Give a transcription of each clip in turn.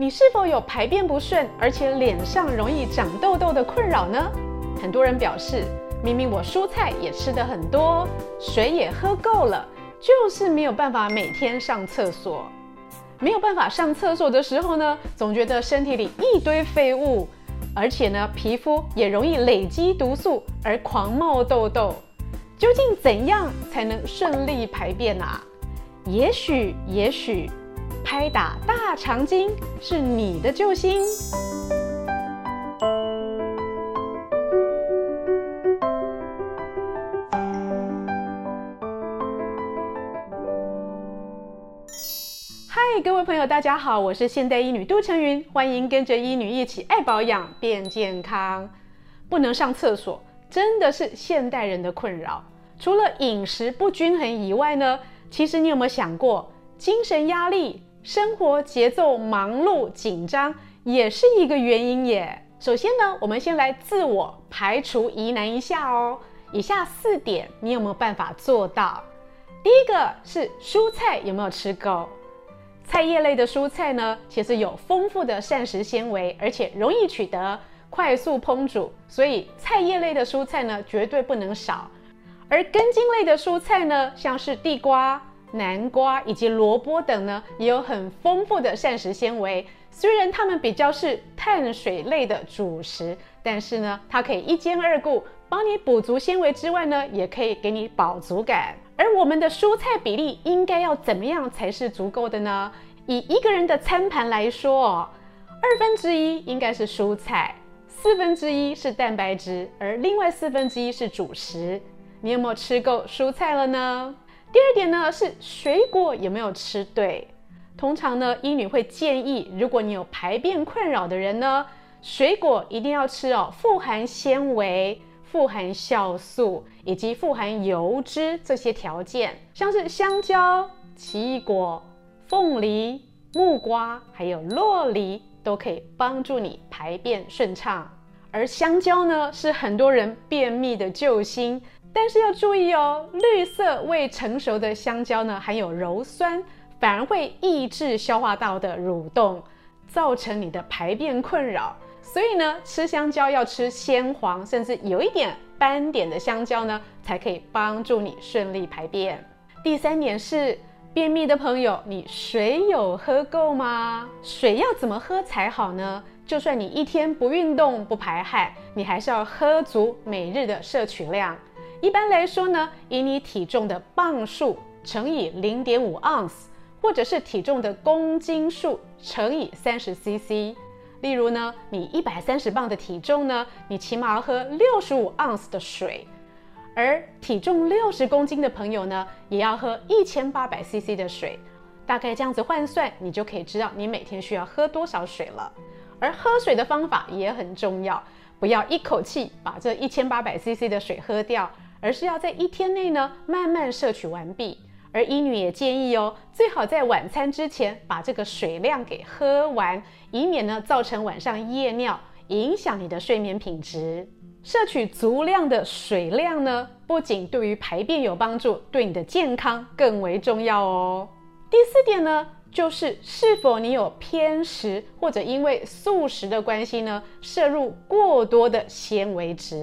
你是否有排便不順，而且臉上容易長痘痘的困擾呢？很多人表示，明明我蔬菜也吃得很多，水也喝夠了，就是沒有辦法每天上廁所。沒有辦法上廁所的時候呢，總覺得身體裡一堆廢物，而且呢，皮膚也容易累積毒素而狂冒痘痘。究竟怎樣才能順利排便啊？也許，也許。拍打大腸經是你的救星。嗨，各位朋友，大家好，我是現代醫女杜丞蕓，歡迎跟着醫女一起愛保養變健康。不能上廁所，真的是現代人的困擾。除了飲食不均衡以外呢，其實你有沒有想過，精神壓力？生活節奏忙碌緊張也是一個原因耶。首先呢，我們先來自我排除疑難一下哦。以下四點，你有沒有辦法做到？第一個是蔬菜有沒有吃夠？菜葉類的蔬菜呢，其實有豐富的膳食纖維，而且容易取得，快速烹煮，所以菜葉類的蔬菜呢，絕對不能少。而根莖類的蔬菜呢，像是地瓜。南瓜以及蘿蔔等呢，也有很豐富的膳食纖維。雖然它們比較是碳水類的主食，但是呢，它可以一兼二顧，幫你補足纖維之外呢，也可以給你飽足感。而我們的蔬菜比例應該要怎麼樣才是足夠的呢？以一個人的餐盤來說，二分之一應該是蔬菜，四分之一是蛋白質，而另外四分之一是主食。你有沒有吃夠蔬菜了呢？第二點呢，是水果有沒有吃對。通常呢，醫女會建議，如果你有排便困擾的人呢，水果一定要吃哦，富含纖維、富含酵素，以及富含油脂這些條件，像是香蕉、奇異果、鳳梨、木瓜還有酪梨，都可以幫助你排便順暢。而香蕉呢，是很多人便秘的救星，但是要注意哦，綠色未成熟的香蕉呢，含有鞣酸，反而會抑制消化道的蠕動，造成你的排便困擾。所以呢，吃香蕉要吃鮮黃，甚至有一點斑點的香蕉呢，才可以幫助你順利排便。第三點是，便秘的朋友，你水有喝夠嗎？水要怎麼喝才好呢？就算你一天不運動不排汗，你還是要喝足每日的攝取量。一般來說呢，以你體重的磅數乘以零點五盎司，或者是體重的公斤數乘以三十 CC。例如呢，你一百三十磅的體重呢，你起碼要喝六十五盎司的水；而體重六十公斤的朋友呢，也要喝一千八百 CC 的水。大概這樣子換算，你就可以知道你每天需要喝多少水了。而喝水的方法也很重要，不要一口氣把這一千八百 CC 的水喝掉，而是要在一天內呢慢慢攝取完畢。而醫女也建議哦，最好在晚餐之前把這個水量給喝完，以免呢造成晚上夜尿，影響你的睡眠品質。攝取足量的水量呢，不僅對於排便有幫助，對你的健康更為重要哦。第四點呢，就是是否你有偏食，或者因為素食的關係呢，攝入過多的纖維質。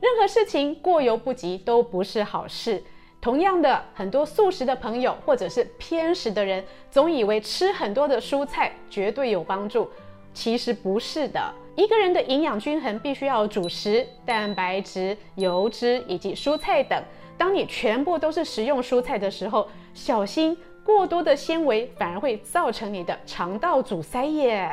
任何事情過猶不及都不是好事。同樣的，很多素食的朋友或者是偏食的人，總以為吃很多的蔬菜絕對有幫助，其實不是的。一個人的營養均衡必須要主食、蛋白質、油脂以及蔬菜等。當你全部都是食用蔬菜的時候，小心。過多的纖維反而會造成你的腸道阻塞耶。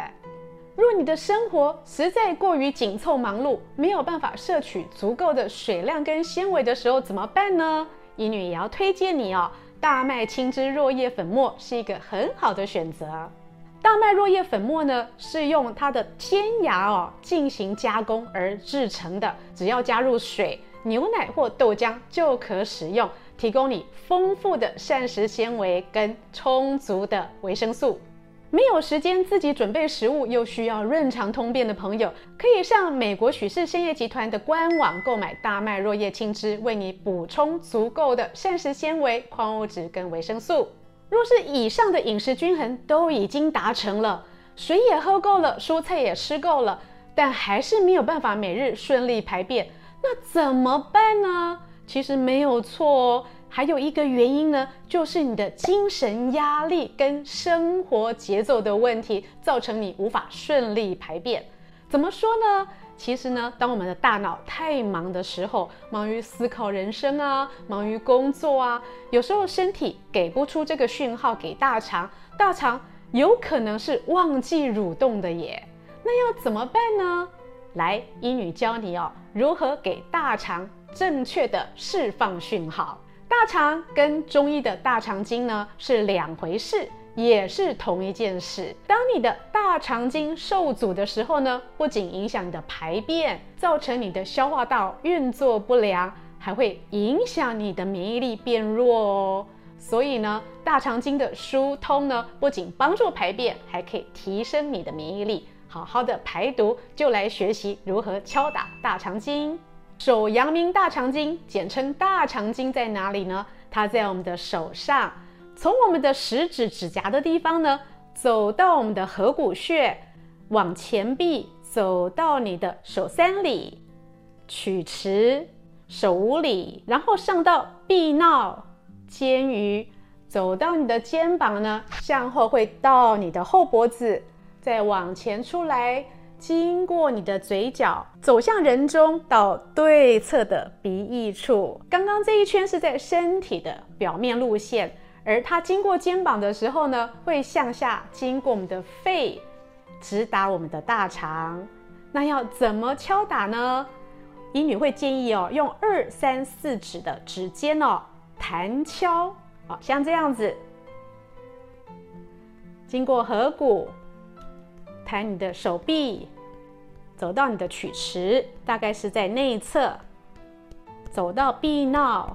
若你的生活實在過於緊湊忙碌，沒有辦法攝取足夠的水量跟纖維的時候怎麼辦呢？醫女也要推薦你哦，大麥青汁若葉粉末是一個很好的選擇。大麥若葉粉末呢，是用它的尖芽哦進行加工而制成的，只要加入水、牛奶或豆漿就可食用。提供你豐富的膳食纖維跟充足的維生素。沒有時間自己準備食物又需要潤腸通便的朋友，可以上美國許氏參業集團的官網購買大麥若葉青汁，為你補充足夠的膳食纖維、礦物質跟維生素。若是以上的飲食均衡都已經達成了，水也喝夠了，蔬菜也吃夠了，但還是沒有辦法每日順利排便，那怎麼辦呢？其實沒有錯哦，還有一個原因呢，就是你的精神壓力跟生活節奏的問題，造成你無法順利排便。怎麼說呢？其實呢，當我們的大腦太忙的時候，忙於思考人生啊，忙於工作啊，有時候身體給不出這個訊號給大腸，大腸有可能是忘記蠕動的耶。那要怎麼辦呢？來，醫女教你哦，如何給大腸。正確的釋放訊號，大腸跟中醫的大腸經呢是兩回事，也是同一件事。當你的大腸經受阻的時候呢，不僅影響你的排便，造成你的消化道運作不良，還會影響你的免疫力變弱哦。所以呢，大腸經的疏通呢，不僅幫助排便，還可以提升你的免疫力。好好的排毒，就來學習如何敲打大腸經。手陽明大腸經，簡稱大腸經，在哪裡呢？它在我們的手上，從我們的食指指甲的地方呢，走到我們的合谷穴，往前臂走到你的手三里、曲池、手五里，然後上到臂臑、肩髃，走到你的肩膀呢，向後會到你的後脖子，再往前出來。經過你的嘴角，走向人中，到對側的鼻翼處。剛剛這一圈是在身體的表面路線，而它經過肩膀的時候呢，會向下經過我們的肺，直達我們的大腸。那要怎麼敲打呢？醫女會建議哦，用二三四指的指尖哦，彈敲，啊、哦，像這樣子，經過頜骨。抬你的手臂，走到你的曲池，大概是在內側，走到臂臑，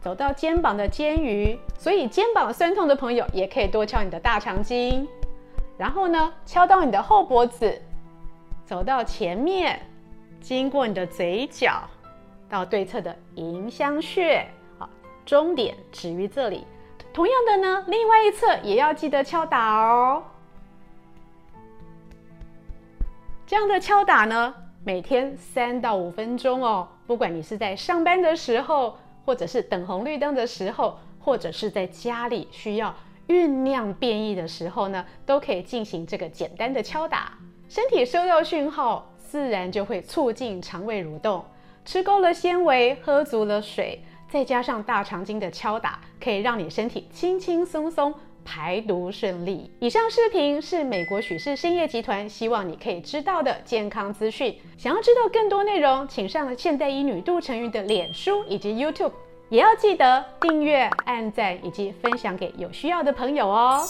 走到肩膀的肩髃，所以肩膀痠痛的朋友也可以多敲你的大腸經。然後呢，敲到你的後脖子，走到前面，經過你的嘴角，到對側的迎香穴，好，終點止於這裡。同樣的呢，另外一側也要記得敲打哦。這樣的敲打呢，每天三到五分鐘哦。不管你是在上班的時候，或者是等紅綠燈的時候，或者是在家裡需要醞釀便意的時候呢，都可以進行這個簡單的敲打。身體收到訊號，自然就會促進腸胃蠕動。吃夠了纖維，喝足了水，再加上大腸經的敲打，可以讓你身體輕輕鬆鬆。排毒順利。以上視頻是美國許氏興業集團希望你可以知道的健康資訊。想要知道更多內容，請上了現代醫女杜丞蕓的臉書以及 YouTube，也要記得訂閱、按讚以及分享給有需要的朋友哦。